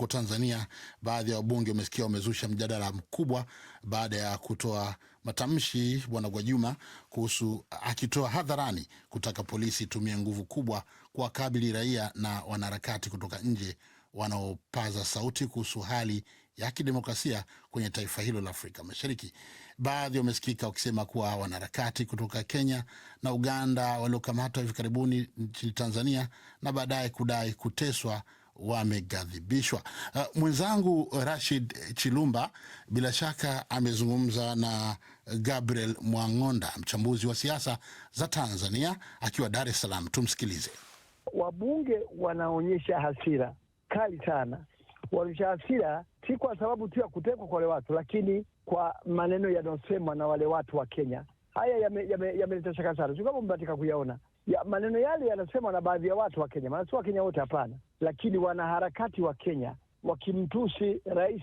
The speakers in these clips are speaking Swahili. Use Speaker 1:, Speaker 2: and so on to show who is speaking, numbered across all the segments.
Speaker 1: huko Tanzania, baadhi ya wabunge umesikia wamezusha mjadala mkubwa baada ya kutoa matamshi Bwana gwajuma kuhusu akitoa hadharani kutaka polisi itumie nguvu kubwa kuwakabili raia na wanaharakati kutoka nje wanaopaza sauti kuhusu hali ya kidemokrasia kwenye taifa hilo la Afrika Mashariki. Baadhi wamesikika wakisema kuwa wanaharakati kutoka Kenya na Uganda waliokamatwa hivi karibuni nchini Tanzania na baadaye kudai kuteswa wamegadhibishwa Uh, mwenzangu Rashid Chilumba bila shaka amezungumza na Gabriel Mwang'onda, mchambuzi wa siasa za Tanzania akiwa Dar es Salaam. Tumsikilize.
Speaker 2: Wabunge wanaonyesha hasira kali sana, wanaonyesha hasira si kwa sababu tu ya kutekwa kwa wale watu, lakini kwa maneno yanayosemwa na wale watu wa Kenya. Haya yameleta yame, yame shaka sana, si kama mbatika kuyaona ya, maneno yale yanasemwa na baadhi ya watu wa Kenya, maana si wa Kenya wote, hapana, lakini wanaharakati wa Kenya wakimtusi rais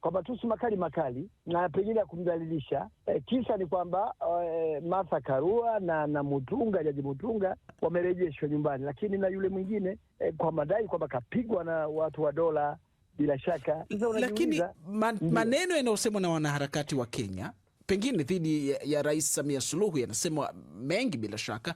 Speaker 2: kwa matusi makali makali na pengine ya kumdhalilisha. E, kisa ni kwamba e, Martha Karua na na Mutunga, jaji Mutunga wamerejeshwa nyumbani, lakini na yule mwingine e, kwa madai kwamba kapigwa na watu wa dola bila shaka.
Speaker 3: Lakini man, maneno yanayosemwa na wanaharakati wa Kenya pengine dhidi ya, ya Rais Samia Suluhu yanasemwa mengi bila shaka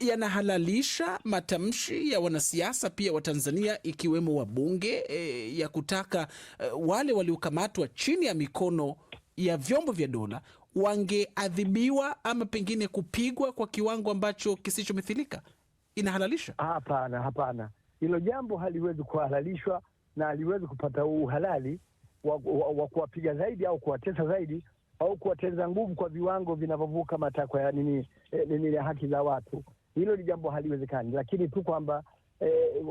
Speaker 3: yanahalalisha ya matamshi ya wanasiasa pia wa Tanzania ikiwemo wabunge e, ya kutaka e, wale waliokamatwa chini ya mikono ya vyombo vya dola wangeadhibiwa ama pengine kupigwa kwa kiwango ambacho kisichomithilika. Inahalalisha?
Speaker 2: Hapana, hapana, hilo jambo haliwezi kuhalalishwa na haliwezi kupata uhalali wa, wa, wa kuwapiga zaidi au kuwatesa zaidi au kuwatenza nguvu kwa viwango vinavyovuka matakwa ya nini, nini eh, ya haki za watu. Hilo ni jambo haliwezekani, lakini tu kwamba eh,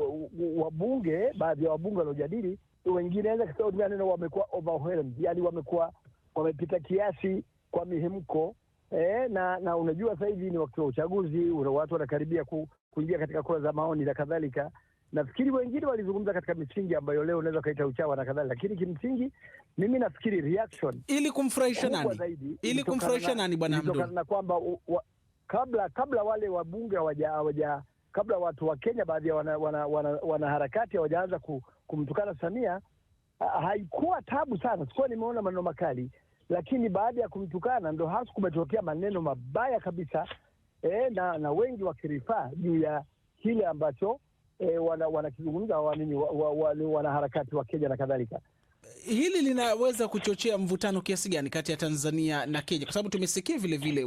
Speaker 2: wabunge, baadhi ya wabunge waliojadili, wengine naweza kutumia neno wamekuwa overwhelmed, yani wamekuwa wamepita kiasi kwa mihemko eh, na na unajua sasa hivi ni wakati wa uchaguzi, watu wanakaribia kuingia katika kura za maoni na kadhalika. Nafikiri wengine walizungumza katika misingi ambayo leo unaweza ukaita uchawa na kadhalika, lakini kimsingi mimi nafikiri reaction
Speaker 3: ili kumfurahisha nani, ili kumfurahisha nani, bwana Hamdun,
Speaker 2: na kwamba kabla kabla wale wabunge hawaja hawaja kabla watu wa Kenya baadhi ya wanaharakati wana, wana, wana hawajaanza kumtukana Samia, haikuwa tabu sana, sikuwa nimeona maneno makali, lakini baada ya kumtukana ndo hasa kumetokea maneno mabaya kabisa e, na, na wengi wakirifaa juu ya kile ambacho e, wanakizungumza wana wanini wanaharakati wa, wa, wa, wa Kenya na kadhalika.
Speaker 3: Hili linaweza kuchochea mvutano kiasi gani kati ya Tanzania na Kenya? Kwa sababu tumesikia vilevile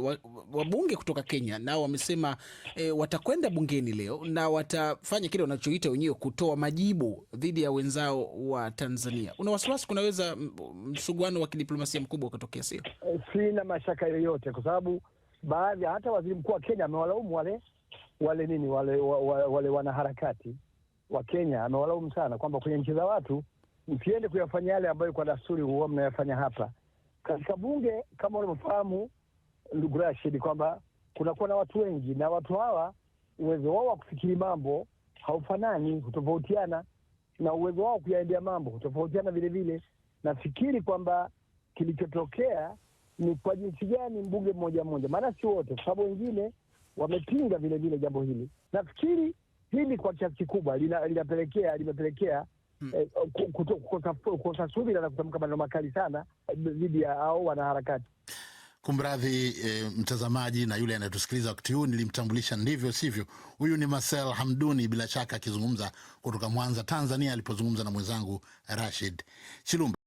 Speaker 3: wabunge wa kutoka Kenya nao wamesema e, watakwenda bungeni leo na watafanya kile wanachoita wenyewe kutoa majibu dhidi ya wenzao wa Tanzania. Una wasiwasi kunaweza msuguano wa kidiplomasia mkubwa ukatokea, sio?
Speaker 2: E, sina mashaka yoyote, kwa sababu baadhi hata waziri mkuu wa Kenya amewalaumu wale wale nini wale, wale, wale wanaharakati wa Kenya amewalaumu sana kwamba kwenye nchi za watu msiende kuyafanya yale ambayo kwa dasturi huwa mnayafanya hapa katika bunge. Kama unavyofahamu ndugu Rashid, kwamba kunakuwa na watu wengi na watu hawa uwezo wao wa kufikiri mambo haufanani, hutofautiana na uwezo wao kuyaendea mambo hutofautiana vilevile. Nafikiri kwamba kilichotokea ni kwa jinsi gani mbunge mmoja mmoja, maana si wote, kwa sababu wengine wamepinga vilevile jambo hili. Nafikiri hili kwa kiasi kikubwa linapelekea limepelekea hmm. eh, kukosa subira na kutamka maneno makali sana eh, dhidi ya ao wanaharakati.
Speaker 1: Kumradhi e, mtazamaji na yule anayetusikiliza wakati huu, nilimtambulisha ndivyo sivyo. Huyu ni Marcel Hamduni, bila shaka akizungumza kutoka Mwanza, Tanzania, alipozungumza na mwenzangu Rashid Chilumba.